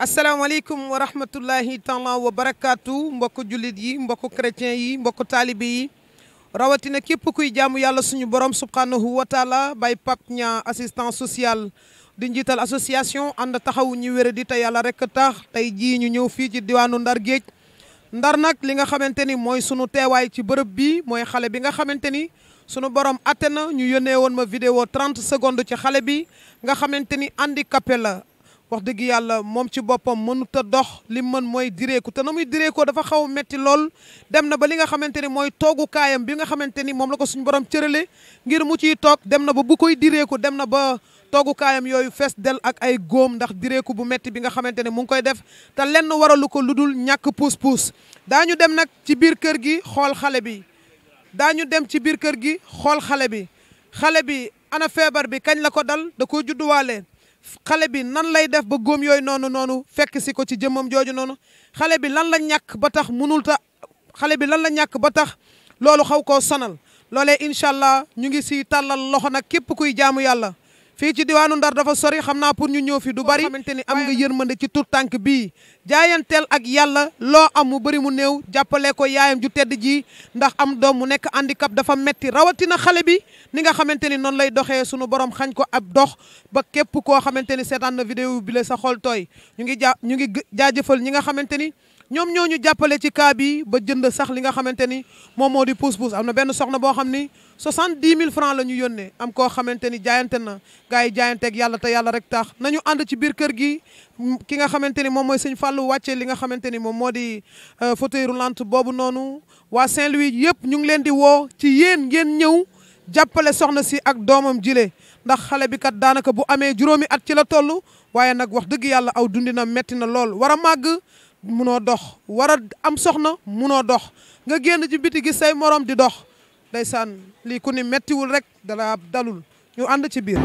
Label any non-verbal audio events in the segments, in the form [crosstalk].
asalaamaaleykum wa rahmatullahi taala wa barakaatu mbokk jullit yi mbokku chrétien yi mbokku taalibe yi rawatina képp kuy jaamu yàlla suñu borom subhanahu wa bay pap ña assistance sociale di njiital association ànd taxawuñu ñu di te yàlla rek tax tey jiiñu ñu ñëw fii ci diwaanu Ndar Géej ndar nag li nga xamante ni mooy sunu teewaay ci bërëb bii mooy xale bi nga xamante ni sunu borom atte na ñu yónnee woon ma vidéo 30 secondes ci xale bi nga xamante ni handicapé la wax dëgg yàlla moom ci boppam mënut a dox li mën mooy direeku te na muy direekoo dafa xaw metti lool dem na ba li nga xamante ni mooy toogukaayam bi nga xamante ni moom la ko suñu borom cërale ngir mu ciy toog dem na ba bu koy direeku dem na ba toogukaayam yooyu fees del ak ay góom ndax direeku bu metti bi nga xamante ne mu ngi koy def te lenn waralu ko lu dul ñàkk puus-puus daañu dem nag ci biir kër gi xool xale bi daañu dem ci biir kër gi xool xale bi xale bi ana feebar bi kañ la ko dal da koo judduwaale xale bi nan lay def ba góom yooyu noonu noonu fekk si ko ci jëmmam jooju noonu xale bi lan la ñàkk ba tax munul ta xale bi lan la ñàkk ba tax loolu xaw ko sanal loolee incha allah ñu ngi si tàllal loxo nag képp kuy jaamu yàlla fii ci diwaanu Ndar dafa sori xam naa pour ñu ñëw fi du bari xamante ni am nga yërmande ci tur tànk bii jaayanteel ak yàlla loo am mu bëri mu néew jàppale ko yaayam ju tedd ji ndax am doom mu nekk handicap dafa metti rawatina xale bi ni nga xamante ni noonu lay doxee sunu borom xañ ko ab dox ba képp koo xamante ni seetaan na vidéo bi la sa xol tooy ñu ngi ja ñu ngi jaajëfal ñi nga xamante ni ñoom ñoo ñu jàppale ci cas bi ba jënd sax li nga xamante ni moom moo di pousse-pousse am na benn soxna boo xam ni soixante-dix mille francs la ñu yónnee am koo xamante ni jaayante na gars yi jaayanteeg yàlla te yàlla rek tax nañu ànd ci biir kër gi ki nga xamante ni moom mooy sëñ Fallou wàcce li nga xamante ni moom moo di euh, fauteuil lant boobu noonu waa Saint-Louis yëpp ñu ngi leen di woo ci yéen ngeen ñëw jàppale soxna si ak doomam jile ndax xale bi kat daanaka bu amee juróomi at ci la toll waaye nag wax dëgg yàlla aw dundi na metti na lool war a màgg munoo dox wara am soxna munoo dox nga génn ci biti say morom di dox day ndeysaan lii ku ni mettiwul rek dala dalul ñu ànd ci biir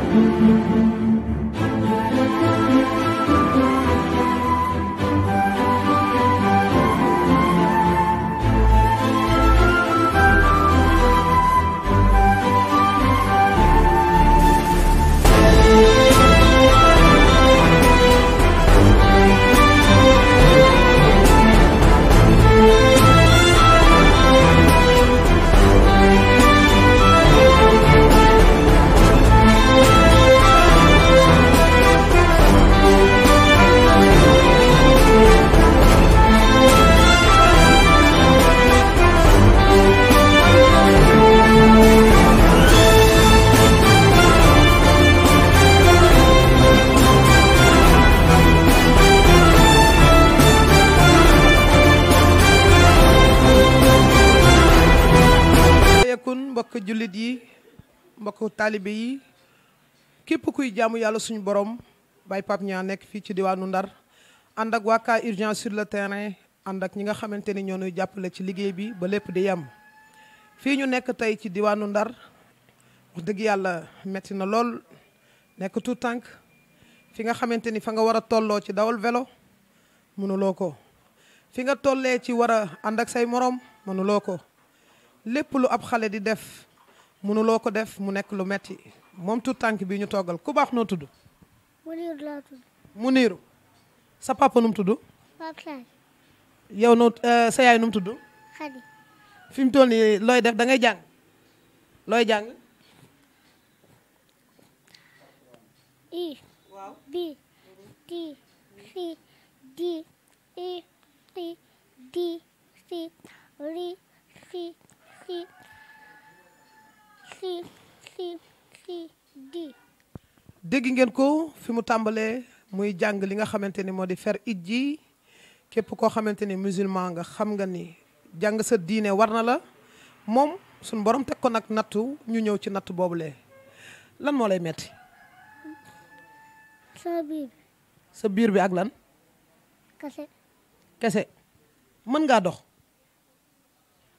taalibe yi képp kuy jaamu yàlla suñu borom Baye Pape ñaa nekk fii ci diwaanu Ndar ànd ak waa cas urgence sur le terrain ànd ak ñi nga xamante ni ñoo ñuy jàppale ci liggéey bi ba lépp di yem. fii ñu nekk tey ci diwaanu Ndar wax dëgg yàlla metti na lool nekk tànk fi nga xamante ni fa nga war a tolloo ci dawal vélo mënuloo ko fi nga tollee ci war a ànd ak say morom mënuloo ko lépp lu ab xale di def. mënuloo ko def mu nekk lu metti moom tu tànk bi ñu toggal ku baax noo tudd. mu laa sa papa nu mu tudd. yow noo euh, sa yaay nu tudd. Khady. fi ni looy def dangay jàng looy jàng. i. dégg ngeen ko fi mu tàmbalee muy jàng li nga xamante ni moo di fer it ji képp koo xamante ni musulman nga xam nga ni jàng sa diine war na la moom suñ borom teg ko nag nattu ñu ñëw ci natt boobule lan moo lay metti sa biir sa biir bi ak lan kese kese mën ngaa dox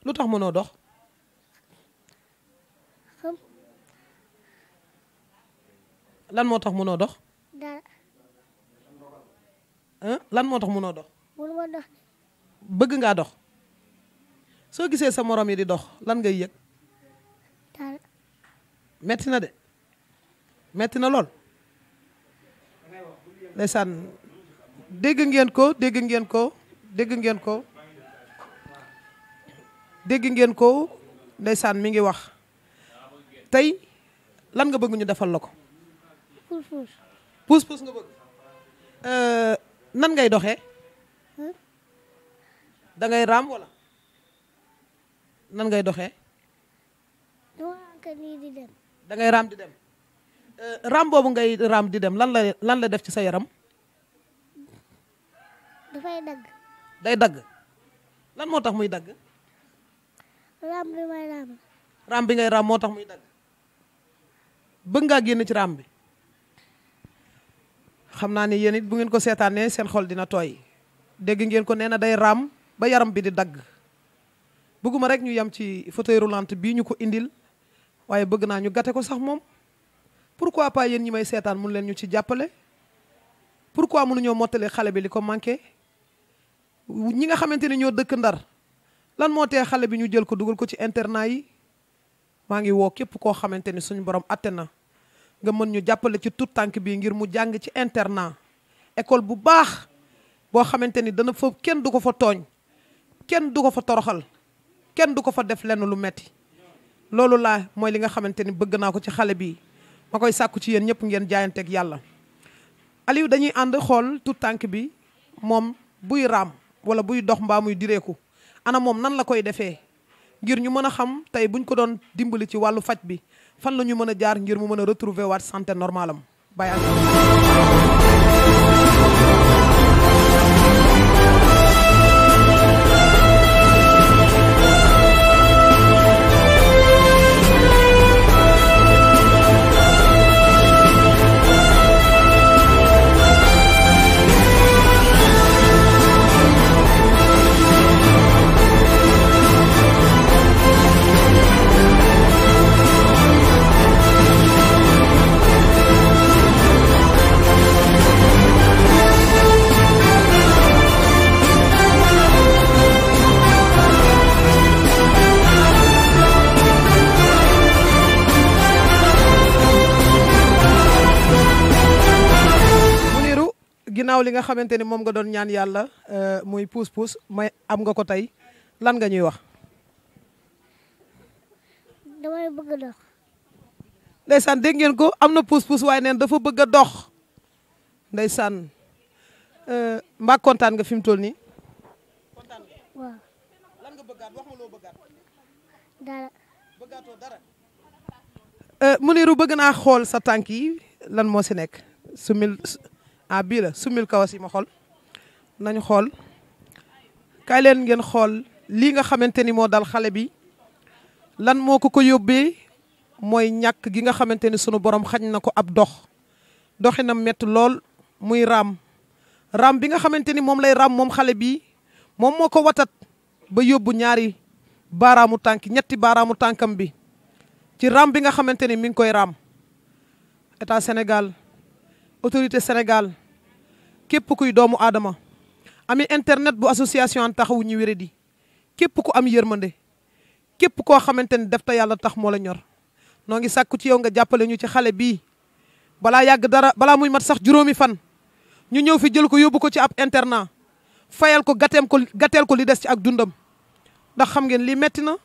lu tax mënoo dox lan moo tax dox. dara. lan moo tax mënoo dox. mënuma dox. bëgg nga dox. so gisé sa morom yi di dox lan ngay yek dara. metti na dé metti na lol lesan dégg ngeen ko dégg ngeen ko dégg ngeen ko dégg ngeen ko ndeysaan mi ngi wax tey lan nga bëgg ñu defal lako pus pus puus nga bëgg. nan ngay doxee. da ngay ram wala. nan ngay doxé do ak nii di dem. da ngay ram di dem. ram bobu ngay ram, di dem lan la lan la def ci sa yaram. fay dag day dag lan motax muy dag ram bi may ram ram bi ngay ram motax muy dag bëgg génn ci ram bi. xam naa ne yéen it bu ngeen ko seetaanee seen xol dina tooy dégg ngeen ko nee na day raam ba yaram bi di dagg bëgguma rek ñu yem ci fauteuil roulant bii ñu ko indil waaye bëgg naa ñu gate ko sax moom pourquoi pas yéen ñi may seetaan mun leen ñu ci jàppale pour pourquoi mënuñoo mottale xale bi li ko manqué ñi nga xamante ni ñoo dëkk ndar lan moo xale bi ñu jël ko dugal ko ci internat yi maa ngi woo képp koo xamante ni suñu borom atte na nga mën ñu jàppale ci tout tànk bi ngir mu jàng ci internat école bu baax boo xamante ni dana fa kenn du ko fa tooñ kenn du ko fa toroxal kenn du ko fa def lenn lu metti loolu laa mooy li nga xamante ni bëgg naa ko ci xale bi ma koy sàkku ci yéen ñëpp ngeen jaayanteeg yàlla Aliou dañuy ànd xool tout tànk bi moom buy raam wala buy dox mbaa muy direeku ana moom nan la koy defee ngir ñu mën a xam tey buñ ko doon dimbali ci wàllu faj bi fan la ñu mën a jaar ngir mu mën a retrouver waat santé normal am bàyyi ginnaaw li nga xamante ni moom nga doon ñaan yàlla euh, muy puus puus may am nga ko tey lan nga ñuy wax. damay bëgg a dox. ndeysaan dégg ngeen ko am na puus puus waaye neen dafa bëgg a dox ndeysaan euh, mbaa kontaan nga lan nga bëggaat wax ma bëggaat. dara. bëggaatoo dara. Euh, Muniru bëgg naa xool sa ah bii la sumil kawas yi ma xol nañu xool kaay leen ngeen xool lii nga xamante ni moo dal xale bi lan moo ko ko yóbbee mooy ñàkk gi nga xamante ni sunu borom xañ na ko ab dox doxinam mett lool muy raam raam bi nga xamante ni moom lay raam moom xale bi moom moo ko watat ba yóbbu ñaari baaraamu tànk ñetti baaraamu tànkam bi ci raam bi nga xamante ni mi ngi koy raam état Sénégal autorité Sénégal képp kuy doomu aadama ami internet bu association taxawu ñu wéré di képp ku am yërmande képp koo xamante ni def te yàlla tax moo la ñor noo ngi sàkku ci yow nga jàppale ñu ci xale bii balaa yàgg dara balaa muy mat sax juróomi fan ñu ñëw fi jël ko yóbbu ko ci ab internat fayal ko gateem ko gateel ko li des ci ak dundam ndax xam ngeen lii metti na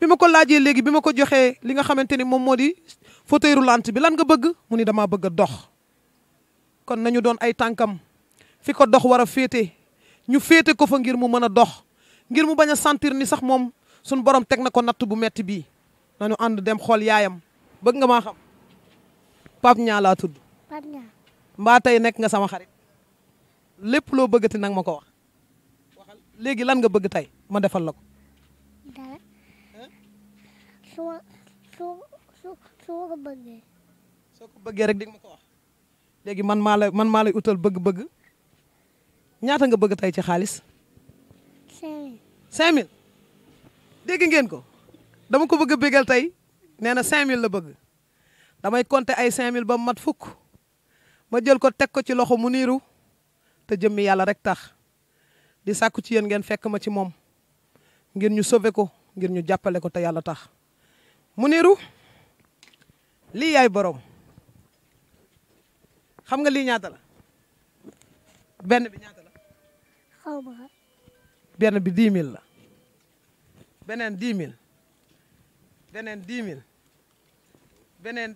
bi ma ko laajee léegi bi ma ko joxee li nga xamante ni moom moo di fauteuil roulant bi lan nga bëgg mu ni damaa bëgg a dox kon nañu doon ay tankam fi ko dox wara fété ñu fété ko fa ngir mu mëna dox ngir mu baña sentir ni sax mom sun borom tek na ko bu metti bi nañu and dem xol yaayam bëgg nga ma xam pap Niang tudd. pap mba tay nek nga sama xarit lepp lo bëggati nak mako wax waxal légui lan nga bëgg tay ma defal lako ko. so so so ko bëgge so ko bëgge rek dig mako wax. léegi man maa lay man maa lay utal bëgg-bëgg ñaata nga bëgg tey ci xaalis. 5000. 5000 dégg ngeen ko dama ko bëgg béggal tey nee na 5000 la bëgg damay compter ay 5000 ba mu mat fukk ma jël ko teg ko ci loxo mu niiru te jëmmi yàlla rek tax di sàkku ci yéen ngeen fekk ma ci moom ngir ñu sauver ko ngir ñu jàppale ko te yàlla tax mu niiru lii yaay borom. xam nga lii ñaata la benn bi ñaata la. xaw benn bi 10 000 la. beneen 10 000. beneen 10 000. beneen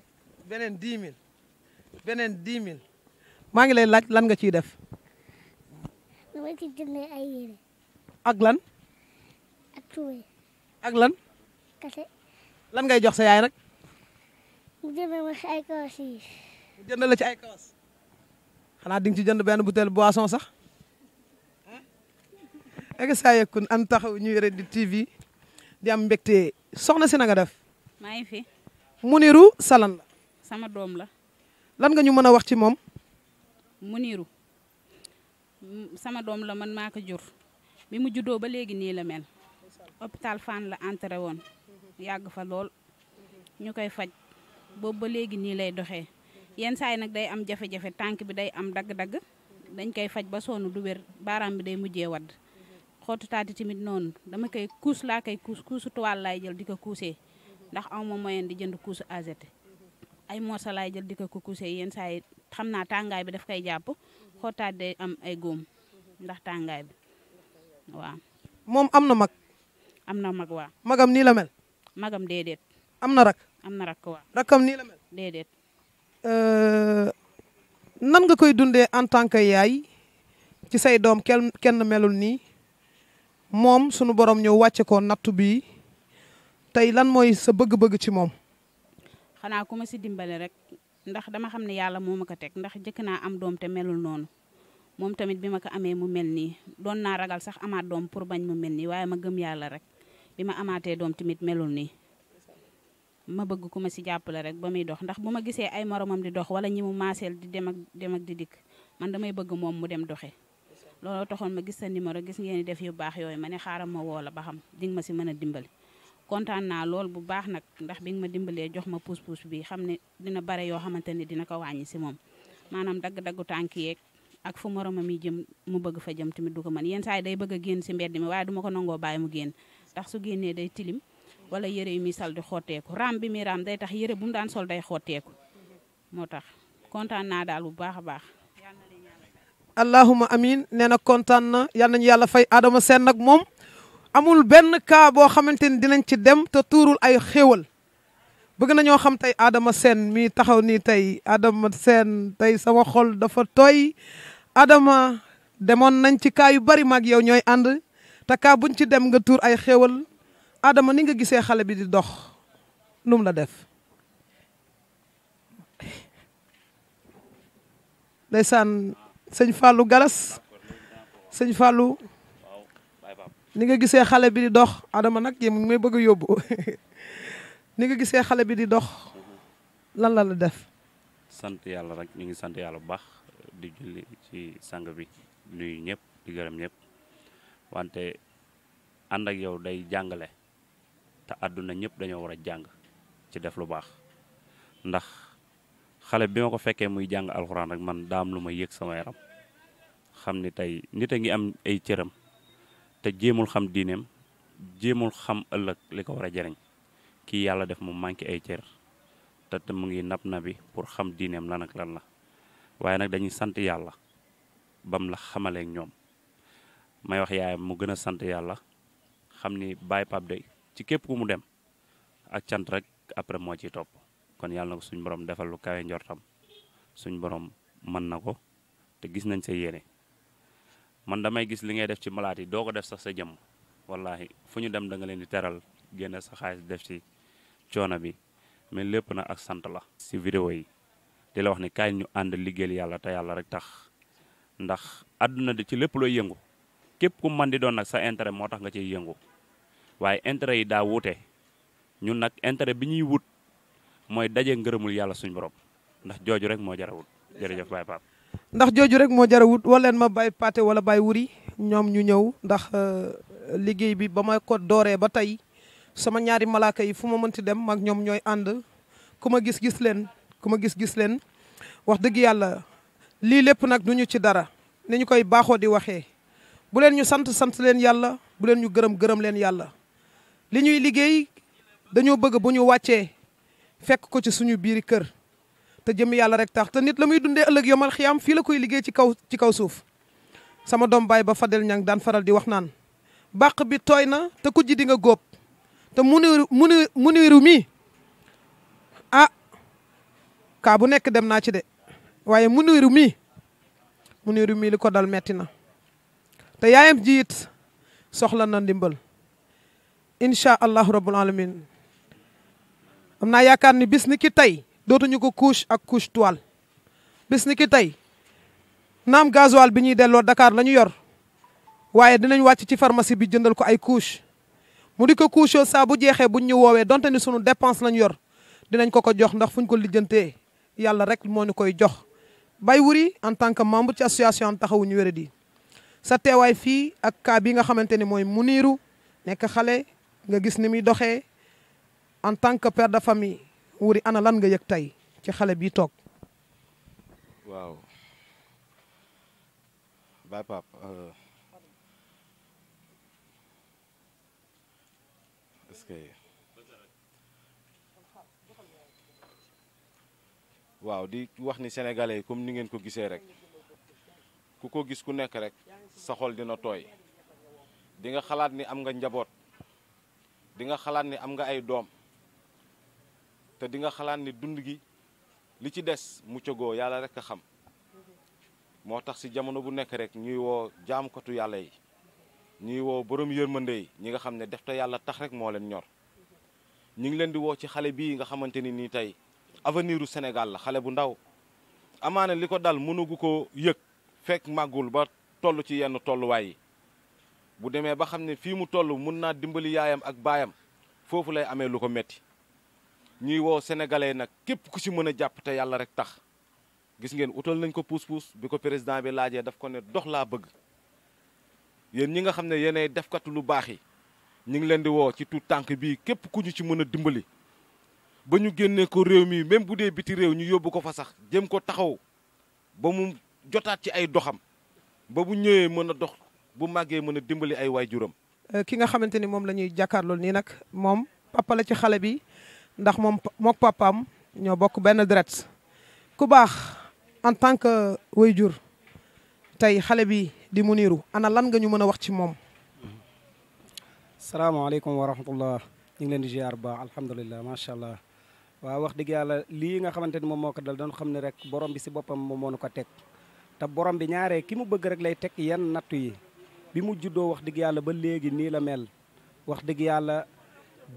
beneen 10 000. beneen 10 000. maa ngi lay laaj lan nga ciy def. dama ci jëndee ay yére. ak lan. ak tuwe. ak lan. lan ngay jox sa yaay nag. mu jëndee ma ci ay yi. mu jëndee la ci ay kawas. xanaa di nga ci jënd benn bouteille boisson sax ek saa yekkun an taxaw di TV di am mbégte soxna si na nga def. maa fi. Muniru Salan la. sama doom la. lan nga ñu mën wax ci Muniru sama doom la man maa ko jur bi mu juddoo ba léegi nii la mel. hôpital fan la entré won yàgg fa lool ñu faj boobu ba léegi lay yenn saa yi nag day am jafe-jafe tànk bi day am dagg-dagg dañ koy faj ba sonn du wér baaraam bi day mujjee wadd xootu taati tamit noonu dama koy kuus laa koy kuus kuusu toile laay jël di ko kuusee ndax aw ma moyen di jënd kuusu azeté ay morsa laay jël di ko ko kuusee yenn saa yi xam naa tàngaay bi daf kay jàpp xootu taat day am ay góom ndax tàngaay bi waaw. moom am na mag. am na mag waa magam nii la magam déedéet. am na rak. am na rak waaw. rakam nii la mel. déedéet. Euh, nan nga koy dundee en tant que yaay ci say doom kenn kenn melul nii moom sunu borom ñëw wàcce ko nattu bi tey lan mooy sa bëgg-bëgg ci moom. xanaa ku ma si dimbale rek ndax dama xam ne yàlla moo ma ko teg ndax jëkk naa am doom te melul noonu moom tamit bi ma ko amee mu mel nii doon naa ragal sax amaat doom pour bañ mu mel nii waaye ma gëm yàlla rek bi ma amaatee doom tamit melul nii. ma bëgg ku ma si jàppale rek ba muy dox ndax bu ma gisee ay moromam di dox wala ñi mu maaseel di dem ak di dikk man damay bëgg moom mu dem doxe looloo taxoon ma gis sa numéro gis ngeen def yu baax yooyu ma ne xaaral ma woo la ba xam di ma si mën a dimbali kontaan naa lool bu baax nag ndax bi nga ma dimbalee jox ma puus puus bi xam ne dina bare yoo xamante ne dina ko wàññi si moom maanaam dagg-daggu tànk yeeg ak fu moromam yi jëm mu bëgg fa jëm tamit du ko mën yenn saa yi day bëgg génn si mbedd mi waaye duma ko nangoo bàyyi mu génn ndax su génnee day tilim wala yére yu muy sal di xotteeku raam bi mi raam day tax yére bu mu daan sol day xotteeku moo tax kontaan naa daal bu baax a baax. allahuma amin nee na kontaan na yal nañu yàlla fay Adama Seen nag moom amul benn kaa boo xamante ni dinañ ci dem te tuurul ay xéwal bëgg ñoo xam tey Adama Seen mi taxaw nii tey Adama Seen tey sama xol dafa toy Adama demoon nañ ci cas yu bari mag yow ñooy ànd te cas buñ ci dem nga tuur ay xéwal Adama ni nga gisee xale bi di dox num la def ndeysaan sëñ Fallou Galas sëñ Fallou ni nga gisee xale bi di dox Adama nag yi may bëgg a yóbbu [laughs] ni nga gisee xale bi di dox lan la la def. sant yàlla rek ñu ngi sant yàlla bu di julli ci sang bi nuyu ñëpp di gërëm ñëpp wante ànd ak yow day jàngale ta aduna ñëpp dañoo wara jang jang, ci def lu bax ndax xalé bima ma ko fekke muy jang alxuraan rek man daam luma yek sama yaram xamni ni tey ngi am ay cëram te jéemul xam dinem jéemul xam ëlëk li ko war a jariñ def mu manki ay cër ta te mu ngi nap nabi pour xam diineem lan ak lan la waye nak dañuy sante yalla bam la xamaleek ñom may wax yaay mu gëna sante yalla xamni xam ni Baye ci képp ku mu dem ak cant rek après moo ciy topp kon yàlla na ko suñu borom defal lu kawe njortam suñu borom mën na ko te gis nañ sa yéene man damay gis li ngay def ci malaat yi doo ko def sax sa jëmm wallahi fu ñu dem da nga leen di teral génne sa xaalis def ci coono bi mais lépp na ak sant la. si vidéo yi di la wax ni kaay ñu ànd liggéeyal yàlla te yàlla rek tax ndax àdduna di ci lépp looy yëngu képp ku mën di doon nag sa intérêt moo tax nga ciy yëngu. waaye intérêt yi daa wuute ñun nag intérêt bi ñuy wut mooy daje ngërëmul yàlla suñu borom ndax jooju rek moo jarawut jërëjëf Baye Pape ndax jooju rek moo jarawut wala leen ma Baye Paté wala Baye Wuri ñoom ñu ñëw ndax euh, liggéey bi ba ma ko dooree ba tey sama ñaari malaaka yi fu ma mënti dem mag ñoom ñooy ànd kuma gis gis leen ku gis gis leen wax dëgg yàlla lii lépp nag nenyukai baho ci dara ni ñu koy baaxoo di waxee bu leen ñu sant sant leen yàlla bu leen ñu gërëm gërëm leen yàlla li ñuy liggéey dañoo bëgg bu ñu wàccee fekk ko ci suñu biiri kër te jëm yàlla rek tax te nit la muy dundee ëllëg yomal xiyaam fii la koy liggéey ci kaw ci kaw suuf sama doom baay ba Fadel ñang daan faral di wax naan bàq bi tooy na te ku ji di nga góob te muniru muniru muniru mi ah kaa bu nekk dem naa ci de waaye muniru mi muniru mi li ko dal metti na te yaayam ji it soxla na ndimbal incha allahu rabbul alamin am naa yaakaar ni bis ni ki tey dootuñu ko couche ak couche toile bis ni tey naam gasoil bi ñuy delloo dakaar la ñu yor waaye dinañ wàcc ci pharmacie bi jëndal ko ay couche mu di ko couche saa bu jeexee buñ ñu woowee donte ni sunu dépense lañ yor dinañ ko ko jox ndax fuñ ko lijjantee yàlla rek moo ñu koy jox bay Wuri en tant que membre ci association taxawuñu di sa teewaay fii ak cas bi nga xamante ni mooy Muniru nekk xale nga gis ni muy doxee en tant que père de famille wuri ana lan nga yëg tey ci xale bi toog. waaw Baye Pape euh, est-ce waaw di wax ni sénégalais yi comme ni ngeen ko gisee rek ku ko gis ku nekk rek sa xol dina tooy di nga xalaat ni am nga njaboot. dinga xalaat ni am nga ay doom te dinga xalaat ni dund gi li ci des muccagoo yàlla rek a xam moo tax si jamono bu nekk rek ñuy woo jaamkatu yàlla yi ñuy woo borom yërmande yi ñi nga xam ne def te yàlla tax rek moo leen ñor ñu ngi leen di woo ci xale bii nga xamante ni nii tey avenir u la xale bu ndaw amaana li ko dal mënugu ko yëg fekk màggul ba toll ci yenn tolluwaay yi bu demee ba xam ne fii mu toll mun naa dimbali yaayam ak baayam foofu lay amee lu ko metti ñuy woo sénégalais nag képp ku ci mën a jàpp te yàlla rek tax gis ngeen utal nañ ko puus-puus bi ko président bi laajee daf ko ne dox laa bëgg yéen ñi nga xam ne yéenay defkatu lu baax yi ñu ngi leen di woo ci tout tànk bii képp ku ñu ci mën a dimbali ba ñu génnee ko réew mii même bu dee biti réew ñu yóbbu ko fa sax jëm ko taxaw ba mu jotaat ci ay doxam ba bu ñëwee mën a dox bu màggee mën a dimbali ay waajuram. Euh, ki nga xamante ni moom la ñuy jàkkaarlool nii nag moom papa la ci xale bi ndax moom mook papaam ñoo bokk benn deret ku baax en tant que waajur tey xale bi di mu Mounirou ana lan nga ñu mën a wax ci moom. salaamaaleykum wa rahmatullah ñu ngi leen di ziar ba alhamdulilah macha allah. waaw wax dëgg yàlla lii nga xamante ni moom moo ko dal doon xam ne rek borom bi si boppam moom moo nu ko teg te borom bi ñaaree ki mu bëgg rek lay teg yenn nattu yi bi mu juddoo wax dëgg yàlla ba léegi nii la mel wax dëgg yàlla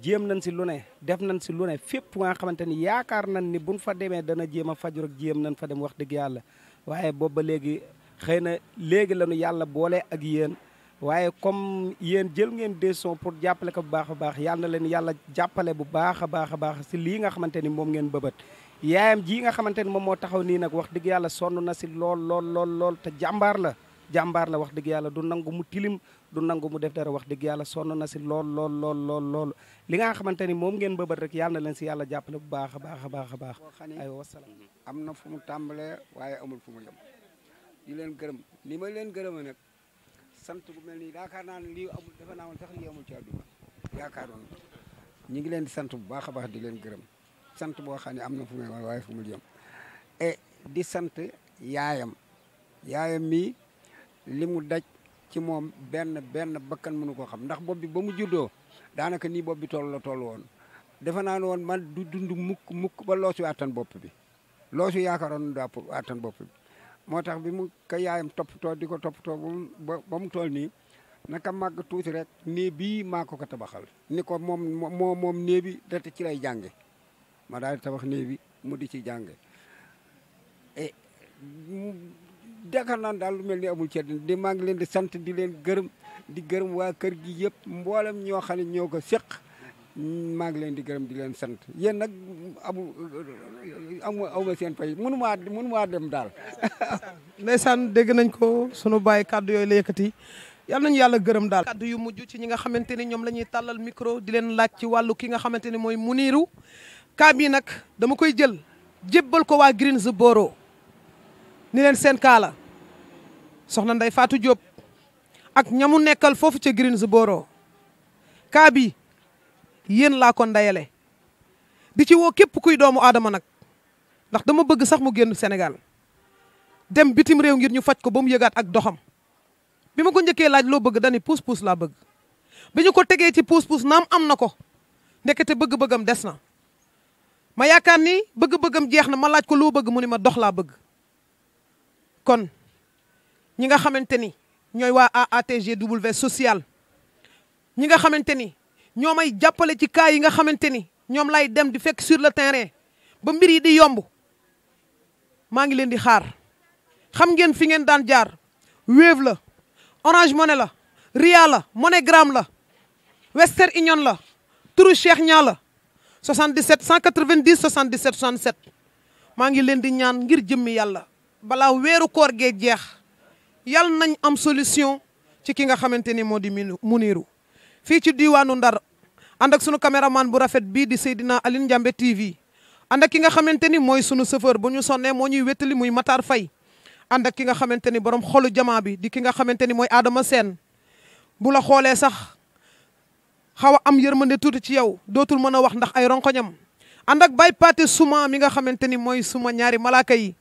jéem nañ si lu ne def nañ si lu ne fépp nga xamante ni yaakaar nañ ni buñ fa demee dana jéem a fajur rek jéem nañ fa dem wax dëgg yàlla waaye boobu ba léegi xëy na léegi la nu yàlla boole ak yéen waaye comme yéen jël ngeen décision pour jàppale ko bu baax baax yàlla na leen yàlla jàppale bu baax a baax a baax si lii nga xamante ni moom ngeen bëbët yaayam jii nga xamante ni moom moo taxaw nii nag wax dëgg yàlla sonn na si lool lool lool te jàmbaar la Jambar la wax deug yalla du nangou mu tilim du nangou mu def dara wax deug yalla sonna na si lol, lol, lol, lol, lol. li nga xamanteni mom ngeen bëbët rek yalla na ci si yàlla jàppale bu baakha baakha baakha a baax ay wa am na fu mu tambale waye amul fu mu yem di len gërem ni ma len gërem nak sant bu melni nii yaakaar naa amul dafa na won sax li amul ci ngi len di sant bu baakha baax di len gërem sant bo xani amna fu mu waye fu mu e di sant yaayam yaayam mi limu daj ci mom ben ben bakkan mënu ko xam ndax bobbi bi ba mu juddoo daanaka nii bopp bi la toll won defa naa won man du dund muk muk ba loosu attan bop bi loosu yaakaaroon daa attan bop bi motax bi mu ka yaayam top di diko top to bam mu toll nii naka mag tuuti rek nee bi mako ko tabaxal ni ko mom mom, mom ne bi date ci lay jànge ma dal tabax ne bi mu di ci jànge eh, dakar naan daal lu mel ni amul ci di maa ngi leen di sant di leen gërëm di gërëm waa kër gi yëpp mboolem ñoo xam ne ko séq maa ngi leen di gërëm di leen sant yéen nag amu amu awma seen fay mënumaa mënumaa dem daal [laughs] ndeysaan dégg nañ ko sunu bàyyi kàddu yooyu la yëkkati yal nañu yàlla gërëm daal kàddu yu mujj ci ñi nga xamante ni ñoom la ñuy tàllal micro di leen laaj ci wàllu ki nga xamante ni mooy Muniru kaa bii nag dama koy jël jébbal ko waa Greensboro ni leen seen kaala soxna nday faatu Diop ak ñamu nekkal foofu ca Greensboro kaa bi yéen laa ko ndayale di ci woo képp kuy doomu aadama nag ndax dama bëgg sax mu génn senegal dem bitim réew ngir ñu faj ko ba mu yëgaat ak doxam bi ma ko njëkkee laaj loo bëgg dani puus puus laa bëgg bi ñu ko tegee ci puus puus naam am na ko ndekete bëgg-bëggam des na ma yaakaar ni bëgg-bëggam jeex na ma laaj ko loo bëgg mu ni ma dox laa bëgg kon ñi nga xamanteni ñoy wa double AATGW social ñi nga xamanteni ñomay jappalé ci cas yi nga xamanteni ñom lay dem di fekk sur le terrain ba mbir yi di yomb ma ngi leen di xaar xam ngeen fi ngeen daan jaar Wave la Orange Money la Ria la MoneyGram la Western Union la turu Cheikh nya la 77 190 77 67 ma ngi leen di ñaan ngir jëmm yalla Bala weru koor gee jeex yal nañ am solution ci ki nga xamante ni moo Muniru fii ci diwaanu Ndar ànd ak sunu caméraman bu rafet bii di Seydina Aline TV ànd ak ki nga xamante ni mooy sunu chauffeur bu ñu sonnee moo ñuy wétali muy Matar Faye ànd ak ki nga ni borom xolu jamaa bi di ki nga xamante ni mooy Adama Sène bu la xoolee sax xaw am yërmande tuuti ci yow dootul mën wax ndax ay ronkoñam ak bay suma mi nga xamante ni suma ñaari malaaka yi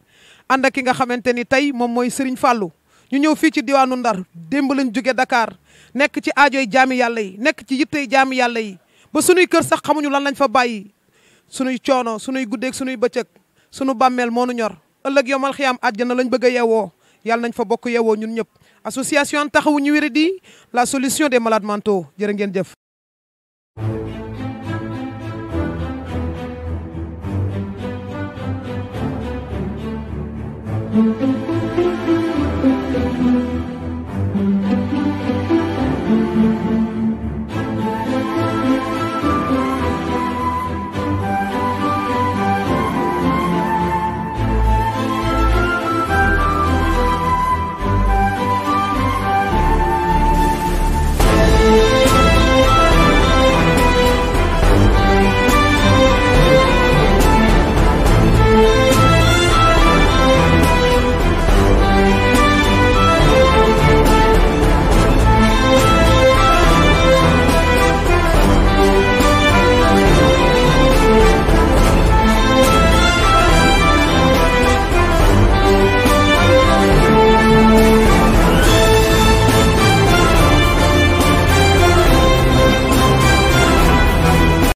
ànd ak ki nga xamante ni tey moom mooy Serigne Fallou ñu ñëw fii ci diwaanu Ndar démb lañ jóge dakaar nekk ci aajoy jaami yàlla yi nekk ci yittey jaam yàlla yi ba sunuy kër sax xamuñu lan lañ fa bàyyi sunuy coono sunuy guddeeg sunuy bëccëg sunu bàmmeel moo nu ñor ëllëg yomal xiyaam àjjana lañ bëgg a yeewoo yàlla nañ fa bokk yeewoo ñun ñëpp association taxawu ñu wéradi la solution des malades mentaux jërë jëf Thank you.